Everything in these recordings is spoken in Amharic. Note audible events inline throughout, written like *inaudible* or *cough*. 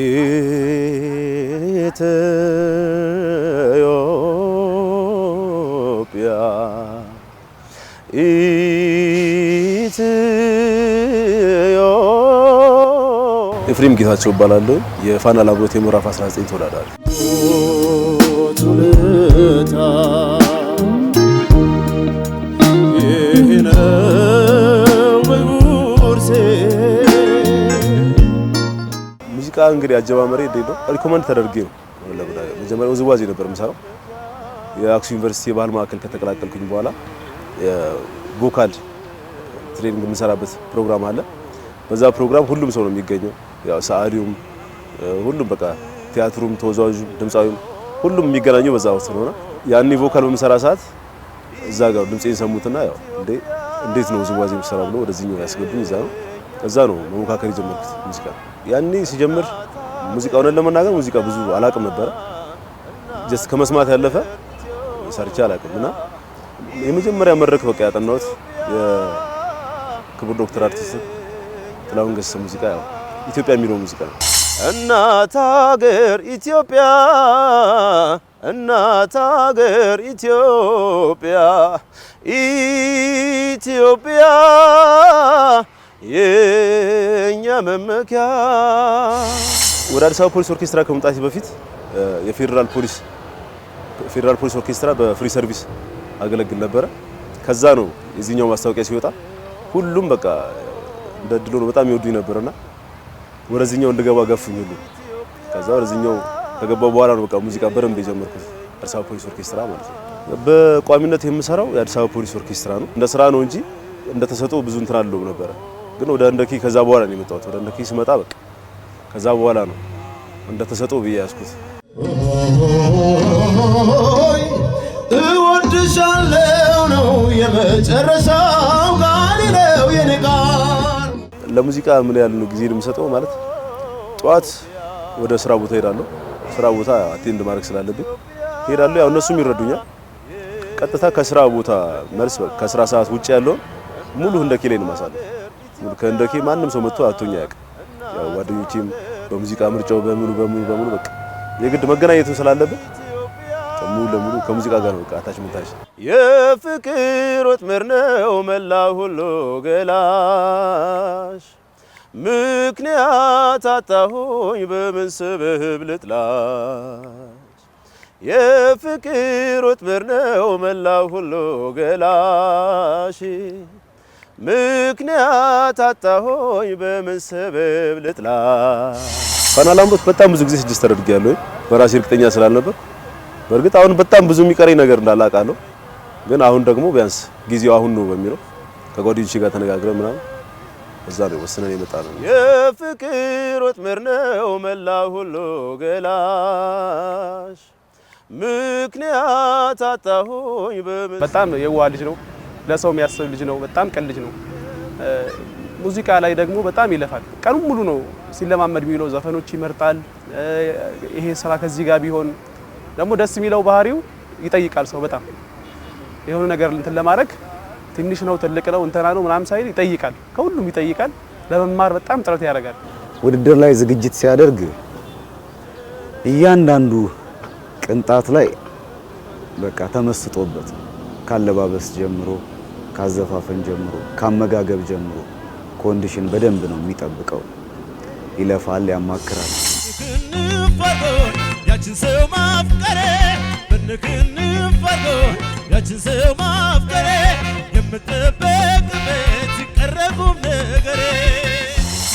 ኢትዮጵያ ኤፍሬም ጌታቸው እባላለሁ። የፋና ላምሮት የምዕራፍ 19 ተወዳዳሪ ቱልታ በጣም እንግዲህ አጀማመሬ እንዴት ነው ሪኮመንድ ተደርጌ ነው። መጀመሪያ ውዝዋዜ ነበር የምሰራው። የአክሱም ዩኒቨርሲቲ የባህል ማዕከል ከተቀላቀልኩኝ በኋላ ቮካል ትሬኒንግ የምንሰራበት ፕሮግራም አለ። በዛ ፕሮግራም ሁሉም ሰው ነው የሚገኘው። ያው ሰዓሊውም፣ ሁሉም በቃ ቲያትሩም፣ ተወዛዋዡም፣ ድምፃዊም ሁሉም የሚገናኘው በዛ ወቅት ነውና ያኔ ቮካል በምሰራ ሰዓት እዛ ጋር ድምፄን ሰሙትና ያው እንዴት ነው ውዝዋዜ የምሰራ ብሎ ወደዚህኛው ያስገቡኝ እዛ ነው ከዛ ነው መሞካከር የጀመርኩት ሙዚቃ። ያኔ ሲጀምር ሙዚቃ ሆነን ለመናገር ሙዚቃ ብዙ አላቅም ነበረ። ጀስት ከመስማት ያለፈ ሰርቼ አላቅም እና የመጀመሪያ መድረክ በቃ ያጠናሁት የክቡር ዶክተር አርቲስት ጥላሁን ገሰሰ ሙዚቃ ያው ኢትዮጵያ የሚለው ሙዚቃ ነው። እናት ሀገር ኢትዮጵያ እናት ሀገር ኢትዮጵያ ኢትዮጵያ የኛ መመኪያ። ወደ አዲስ አበባ ፖሊስ ኦርኬስትራ ከመምጣቴ በፊት የፌዴራል ፖሊስ ፌዴራል ፖሊስ ኦርኬስትራ በፍሪ ሰርቪስ አገለግል ነበረ። ከዛ ነው የዚህኛው ማስታወቂያ ሲወጣ ሁሉም በቃ እንደ ድሎ ነው በጣም ይወዱኝ ነበርና ወደዚህኛው እንድገባ ገፉኝ ሁሉ። ከዛ ወደዚህኛው ከገባ በኋላ ነው በቃ ሙዚቃ በደንብ የጀመርኩት አዲስ አበባ ፖሊስ ኦርኬስትራ ማለት ነው። በቋሚነት የምሰራው የአዲስ አበባ ፖሊስ ኦርኬስትራ ነው። እንደ ስራ ነው እንጂ እንደ ብዙ እንትን አለው ነበረ። ግን ወደ እንደኪ ከዛ በኋላ ነው የመጣሁት። ወደ እንደኪ ስመጣ በቃ ከዛ በኋላ ነው እንደ ተሰጦ ብዬ ያዝኩት። እወድሻለሁ ነው የመጨረሻው ቃል ነው የኔ ቃል። ለሙዚቃ ምን ያህል ነው ጊዜ የምሰጠው ማለት ጠዋት ወደ ስራ ቦታ ሄዳለሁ። ስራ ቦታ አቴንድ ማድረግ ስላለብኝ ሄዳለሁ። ያው እነሱም ይረዱኛል። ቀጥታ ከስራ ቦታ መልስ ከስራ ሰዓት ውጭ ያለውን ሙሉ እንደ ኪሌን ማሳለፍ ከእንደኬ ማንም ሰው መጥቶ አቶኛ ያውቅ ያው ጓደኞቼም በሙዚቃ ምርጫው በሙሉ በሙሉ በሙሉ በቃ የግድ መገናኘቱ ስላለብን ሙሉ ለሙሉ ከሙዚቃ ጋር በቃ አታችመንታችን የፍቅር ወጥመድ ነው መላ ሁሉ ገላሽ ምክንያት አጣሁኝ በምን ስብህብ ልጥላሽ የፍቅር ወጥመድ ነው መላ ሁሉ ገላሽ ምክንያት አጣሆይ በምን ሰበብ ልጥላ። ፋና ላምሮት በጣም ብዙ ጊዜ ስድስት ያለሁ በራሴ እርግጠኛ ስላልነበር። በእርግጥ አሁን በጣም ብዙ የሚቀረኝ ነገር እንዳለ አውቃለሁ፣ ግን አሁን ደግሞ ቢያንስ ጊዜው አሁን ነው በሚለው ከጓደኞቼ ጋር ተነጋግረ ምናምን እዛ ነው ወስነን የመጣ ነው። የፍቅር ወጥመድ ነው መላ ሁሉ ገላሽ ምክንያት አጣሆይ በጣም የዋህ ልጅ ነው ለሰው የሚያስብ ልጅ ነው። በጣም ቀን ልጅ ነው። ሙዚቃ ላይ ደግሞ በጣም ይለፋል። ቀኑን ሙሉ ነው ሲለማመድ የሚለው ዘፈኖች ይመርጣል። ይሄ ስራ ከዚህ ጋር ቢሆን ደግሞ ደስ የሚለው ባህሪው ይጠይቃል። ሰው በጣም የሆነ ነገር እንትን ለማድረግ ትንሽ ነው ትልቅ ነው እንትና ነው ምናምን ሳይል ይጠይቃል። ከሁሉም ይጠይቃል። ለመማር በጣም ጥረት ያደርጋል። ውድድር ላይ ዝግጅት ሲያደርግ እያንዳንዱ ቅንጣት ላይ በቃ ተመስጦበት ካለባበስ ጀምሮ ካዘፋፈን ጀምሮ ካመጋገብ ጀምሮ ኮንዲሽን በደንብ ነው የሚጠብቀው። ይለፋል፣ ያማክራል።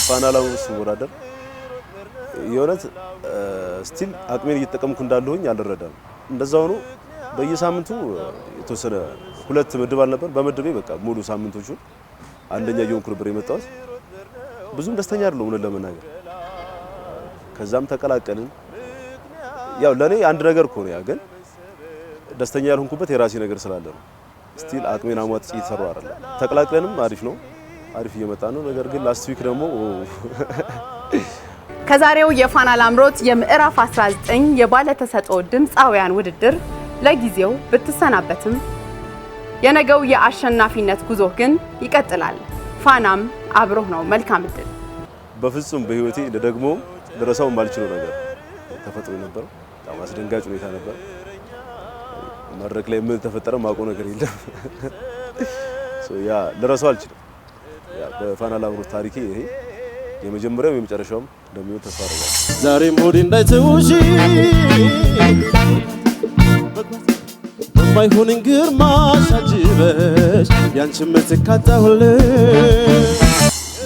ፋና ላምሮት ስወዳደር የእውነት ስቲል አቅሜን እየተጠቀምኩ እንዳለሁኝ አልረዳም። እንደዛ ሆኖ በየሳምንቱ የተወሰነ ሁለት ምድብ አልነበር በምድቤ በቃ ሙሉ ሳምንቶቹ አንደኛ እየሆንኩ ነበር የመጣሁት። ብዙም ደስተኛ አይደለሁም እውነት ለመናገር ከዛም ተቀላቀልን። ያው ለኔ አንድ ነገር እኮ ነው ያ፣ ግን ደስተኛ ያልሆንኩበት የራሴ ነገር ስላለ ነው። ስቲል አቅሜን አሟጥጬ እየተሰራው አይደለም። ተቀላቅለንም አሪፍ ነው፣ አሪፍ እየመጣ ነው። ነገር ግን ላስት ዊክ ደግሞ ከዛሬው የፋና ላምሮት የምዕራፍ 19 የባለ ድምፃውያን ውድድር ለጊዜው ብትሰናበትም የነገው የአሸናፊነት ጉዞ ግን ይቀጥላል። ፋናም አብሮህ ነው። መልካም እድል። በፍጹም በህይወቴ ደግሞ ልረሳው የማልችለው ነገር ተፈጥሮ ነበር። በጣም አስደንጋጭ ሁኔታ ነበር። መድረክ ላይ ምን ተፈጠረ ማቆ ነገር የለም። *laughs* ያ ልረሳው አልችልም። በፋና ላምሮት ታሪኬ ይሄ የመጀመሪያው የመጨረሻውም እንደሚሆን ተስፋ አደርጋለሁ። ዛሬም ሆዴ እንዳይተውሽ ባይሆን ግርማሽ አጅበሽ ያንቺን ምትክ አጣሁልሽ።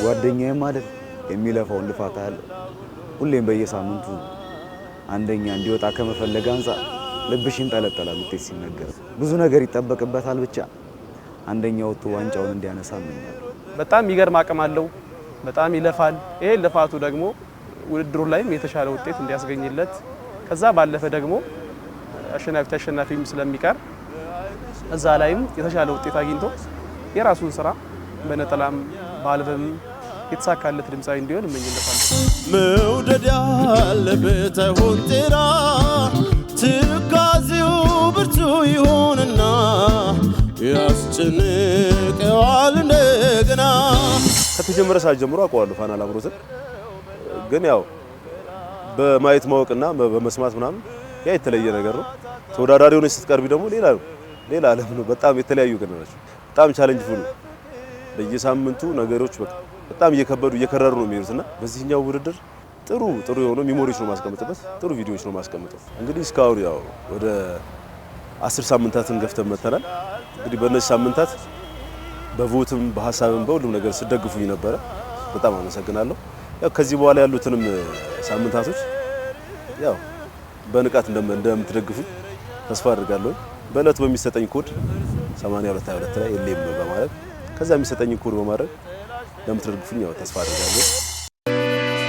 ጓደኛዬ የሚለፋውን ልፋት አለ ሁሌም በየሳምንቱ አንደኛ እንዲወጣ ከመፈለግ አንጻር ልብሽ ይንጠለጠላል። ውጤት ሲነገር ብዙ ነገር ይጠበቅበታል። ብቻ አንደኛ ወጥቶ ዋንጫውን እንዲያነሳ እመኛለሁ። በጣም ይገርም አቅም አለው። በጣም ይለፋል። ይሄ ልፋቱ ደግሞ ውድድሩ ላይም የተሻለ ውጤት እንዲያስገኝለት ከዛ ባለፈ ደግሞ አሸናፊ ተሸናፊም ስለሚቀር እዛ ላይም የተሻለ ውጤት አግኝቶ የራሱን ስራ በነጠላም በአልበም የተሳካለት ድምፃዊ እንዲሆን እመኝለታለሁ። መውደድ ያለበት አይሆን ትካዜው ብርቱ ይሆንና ያስጨንቀዋል እንደገና። ከተጀመረ ሰዓት ጀምሮ አውቀዋለሁ ፋና ላምሮትን ግን ያው በማየት ማወቅና በመስማት ምናምን ያ የተለየ ነገር ነው። ተወዳዳሪ ሆነች ስትቀርቢ ደግሞ ሌላ ነው። ሌላ ዓለም ነው። በጣም የተለያዩ ገና ናቸው። በጣም ቻሌንጅ ፉል ነው። በየሳምንቱ ነገሮች በጣም እየከበዱ እየከረሩ ነው የሚሄዱት እና በዚህኛው ውድድር ጥሩ ጥሩ የሆነ ሚሞሪዎች ነው ማስቀምጥበት፣ ጥሩ ቪዲዮዎች ነው ማስቀምጠው። እንግዲህ እስካሁን ያው ወደ አስር ሳምንታትን ገፍተን መተናል። እንግዲህ በእነዚህ ሳምንታት በቮትም በሀሳብም በሁሉም ነገር ስደግፉኝ ነበረ። በጣም አመሰግናለሁ። ያው ከዚህ በኋላ ያሉትንም ሳምንታቶች ያው በንቃት እንደምትደግፉኝ ተስፋ አድርጋለሁ። በእለቱ በሚሰጠኝ ኮድ 8222 ላይ የለም በማለት ከዛ የሚሰጠኝ ኮድ በማድረግ ለምትደግፉኝ ያው ተስፋ አድርጋለሁ።